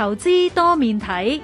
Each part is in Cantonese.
投資多面睇，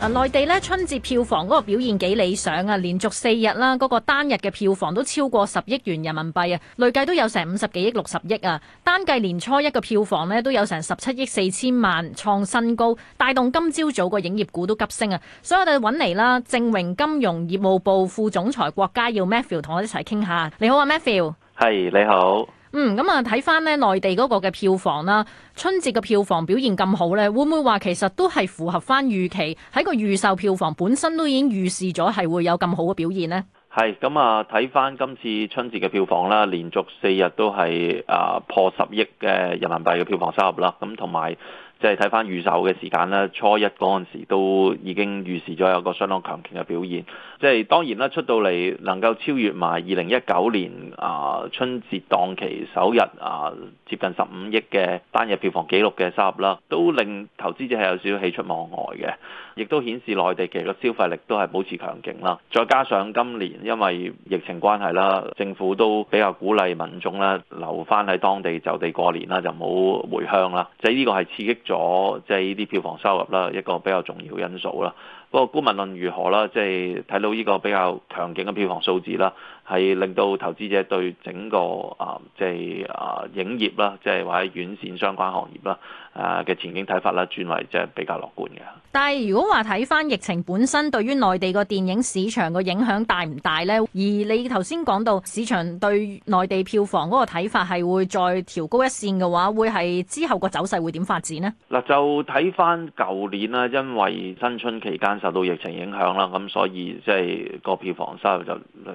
啊，內地咧春節票房嗰個表現幾理想啊，連續四日啦，嗰、嗰個單日嘅票房都超過十億元人民幣啊，累計都有成五十幾億六十億啊，單計年初一嘅票房呢，都有成十七億四千萬，創新高，帶動今朝早個影業股都急升啊，所以我哋揾嚟啦，正榮金融業務部副總裁郭家耀 Matthew 同我一齊傾下，你好啊 Matthew，係你好。嗯，咁啊，睇翻咧，內地嗰個嘅票房啦，春節嘅票房表現咁好咧，會唔會話其實都係符合翻預期？喺個預售票房本身都已經預示咗係會有咁好嘅表現呢？係，咁啊，睇翻今次春節嘅票房啦，連續四日都係啊破十億嘅人民幣嘅票房收入啦，咁同埋，即係睇翻預售嘅時間啦，初一嗰陣時都已經預示咗有個相當強勁嘅表現。即係當然啦，出到嚟能夠超越埋二零一九年啊春節檔期首日啊接近十五億嘅單日票房記錄嘅收入啦，都令投資者係有少少喜出望外嘅，亦都顯示內地其實消費力都係保持強勁啦。再加上今年因為疫情關係啦，政府都比較鼓勵民眾啦留翻喺當地就地過年啦，就冇回鄉啦。即係呢個係刺激咗。咗，即係呢啲票房收入啦，一個比較重要因素啦。嗰個股民論如何啦，即係睇到呢個比較強勁嘅票房數字啦，係令到投資者對整個啊，即係啊影業啦，即係話喺院線相關行業啦，啊嘅前景睇法啦，轉為即係比較樂觀嘅。但係如果話睇翻疫情本身對於內地個電影市場個影響大唔大呢？而你頭先講到市場對內地票房嗰個睇法係會再調高一線嘅話，會係之後個走勢會點發展呢？嗱，就睇翻舊年啦，因為新春期間，受到疫情影響啦，咁所以即係個票房收入就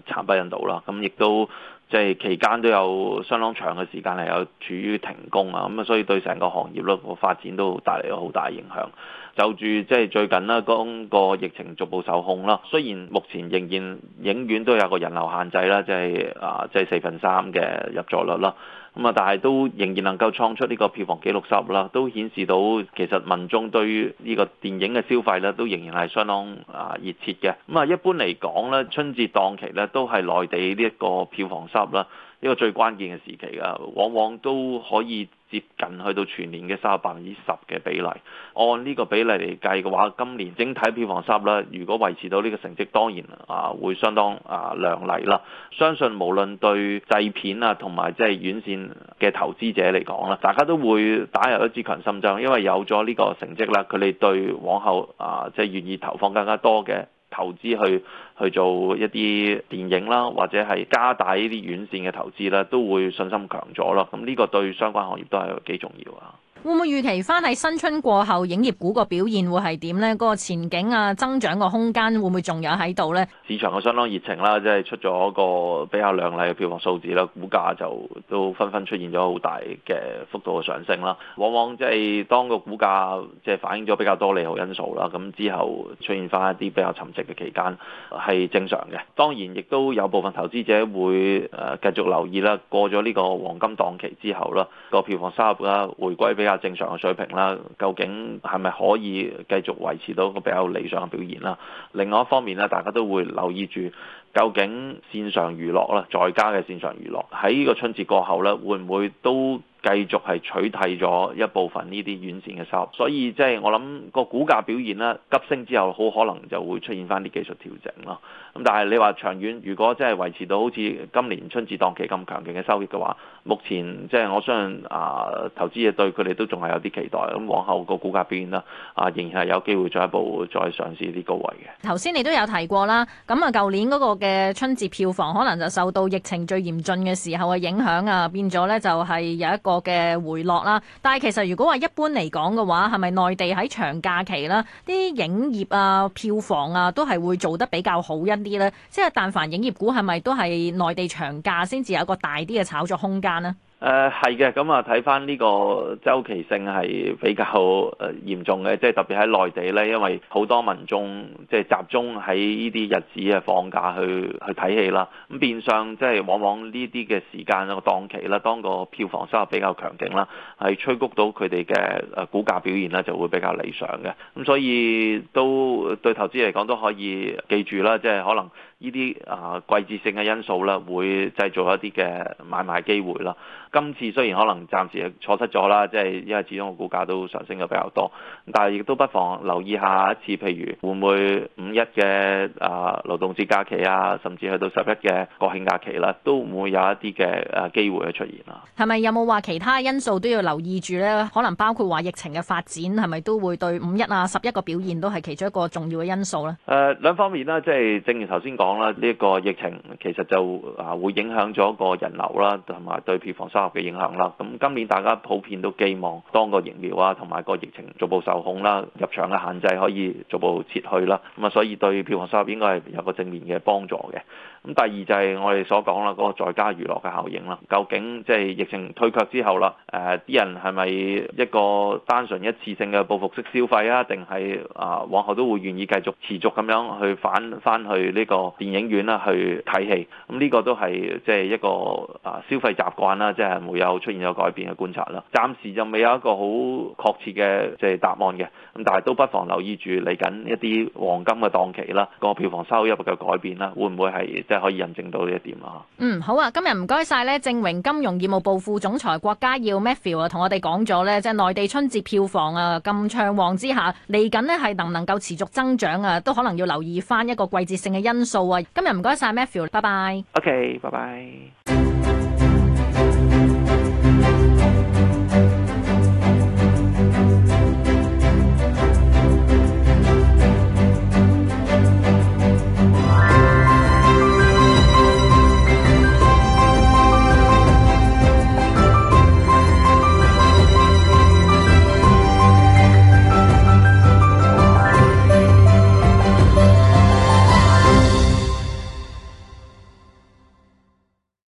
慘不忍睹啦。咁亦都即係、就是、期間都有相當長嘅時間係有處於停工啊，咁啊，所以對成個行業咯個發展都帶嚟咗好大影響。就住即係最近啦，嗰個疫情逐步受控啦。雖然目前仍然影院都有個人流限制啦，即係啊，即係四分三嘅入座率啦。咁啊，但係都仍然能夠創出呢個票房紀錄十啦，都顯示到其實民眾對於呢個電影嘅消費咧，都仍然係相當啊熱切嘅。咁啊，一般嚟講咧，春節檔期咧都係內地呢一個票房十啦，呢個最關鍵嘅時期㗎，往往都可以，接近去到全年嘅三十百分之十嘅比例，按呢個比例嚟計嘅話，今年整體票房收入啦。如果維持到呢個成績，當然啊會相當啊亮麗啦。相信無論對製片啊同埋即係院線嘅投資者嚟講啦，大家都會打入咗一支強心針，因為有咗呢個成績啦，佢哋對往後啊即係願意投放更加多嘅。投資去去做一啲電影啦，或者係加大呢啲院線嘅投資咧，都會信心強咗咯。咁呢個對相關行業都係幾重要啊。會唔會預期翻喺新春過後，影業股個表現會係點呢？嗰個前景啊，增長個空間會唔會仲有喺度呢？市場嘅相當熱情啦，即係出咗個比較靚麗嘅票房數字啦，股價就都紛紛出現咗好大嘅幅度嘅上升啦。往往即係當個股價即係反映咗比較多利好因素啦，咁之後出現翻一啲比較沉寂嘅期間係正常嘅。當然亦都有部分投資者會誒繼續留意啦。過咗呢個黃金檔期之後啦，個票房收入啦回歸比。正常嘅水平啦，究竟係咪可以繼續維持到個比較理想嘅表現啦？另外一方面咧，大家都會留意住。究竟線上娛樂啦，在家嘅線上娛樂喺呢個春節過後咧，會唔會都繼續係取替咗一部分呢啲院線嘅收入？所以即係我諗個股價表現咧急升之後，好可能就會出現翻啲技術調整咯。咁但係你話長遠，如果真係維持到好似今年春節檔期咁強勁嘅收益嘅話，目前即係我相信啊，投資者對佢哋都仲係有啲期待。咁往後個股價表現啦？啊，仍然係有機會進一步再上市上試啲高位嘅。頭先你都有提過啦，咁啊，舊年嗰個嘅。嘅春節票房可能就受到疫情最嚴峻嘅時候嘅影響啊，變咗咧就係有一個嘅回落啦。但係其實如果話一般嚟講嘅話，係咪內地喺長假期啦，啲影業啊票房啊都係會做得比較好一啲咧？即係但凡影業股係咪都係內地長假先至有個大啲嘅炒作空間咧？誒，係嘅，嗯，咁啊睇翻呢個周期性係比較誒嚴重嘅，即係特別喺內地呢，因為好多民眾即係集中喺呢啲日子啊放假去去睇戲啦，咁變相即係往往呢啲嘅時間個檔期啦，當個票房收入比較強勁啦，係催谷到佢哋嘅誒股價表現咧就會比較理想嘅，咁所以都對投資嚟講都可以記住啦，即係可能。呢啲啊季節性嘅因素啦，會製造一啲嘅買賣機會啦。今次雖然可能暫時係錯失咗啦，即係因為始終個股價都上升嘅比較多，但係亦都不妨留意下一次，譬如會唔會五一嘅啊勞動節假期啊，甚至去到十一嘅國慶假期啦，都會唔會有一啲嘅誒機會嘅出現啦。係咪有冇話其他因素都要留意住呢？可能包括話疫情嘅發展係咪都會對五一啊、十一個表現都係其中一個重要嘅因素呢？誒兩方面啦，即係正如頭先講。講啦，呢個疫情其實就啊會影響咗個人流啦，同埋對票房收入嘅影響啦。咁今年大家普遍都寄望當個疫苗啊，同埋個疫情逐步受控啦，入場嘅限制可以逐步撤去啦。咁啊，所以對票房收入應該係有個正面嘅幫助嘅。咁第二就係我哋所講啦，嗰個在家娛樂嘅效應啦。究竟即係疫情退卻之後啦，誒啲人係咪一個單純一次性嘅報復式消費啊，定係啊往後都會願意繼續持續咁樣去返翻去呢個？電影院啦，去睇戲，咁呢個都係即係一個啊消費習慣啦，即係冇有出現有改變嘅觀察啦。暫時就未有一個好確切嘅即係答案嘅，咁但係都不妨留意住嚟緊一啲黃金嘅檔期啦，個票房收入嘅改變啦，會唔會係即係可以印證到呢一點啊？嗯，好啊，今日唔該晒。咧，正榮金融業務部副總裁郭家耀 Matthew 同我哋講咗咧，即係內地春節票房啊咁暢旺之下，嚟緊呢係能唔能夠持續增長啊，都可能要留意翻一個季節性嘅因素。今日唔該晒 Matthew，拜拜。OK，拜拜。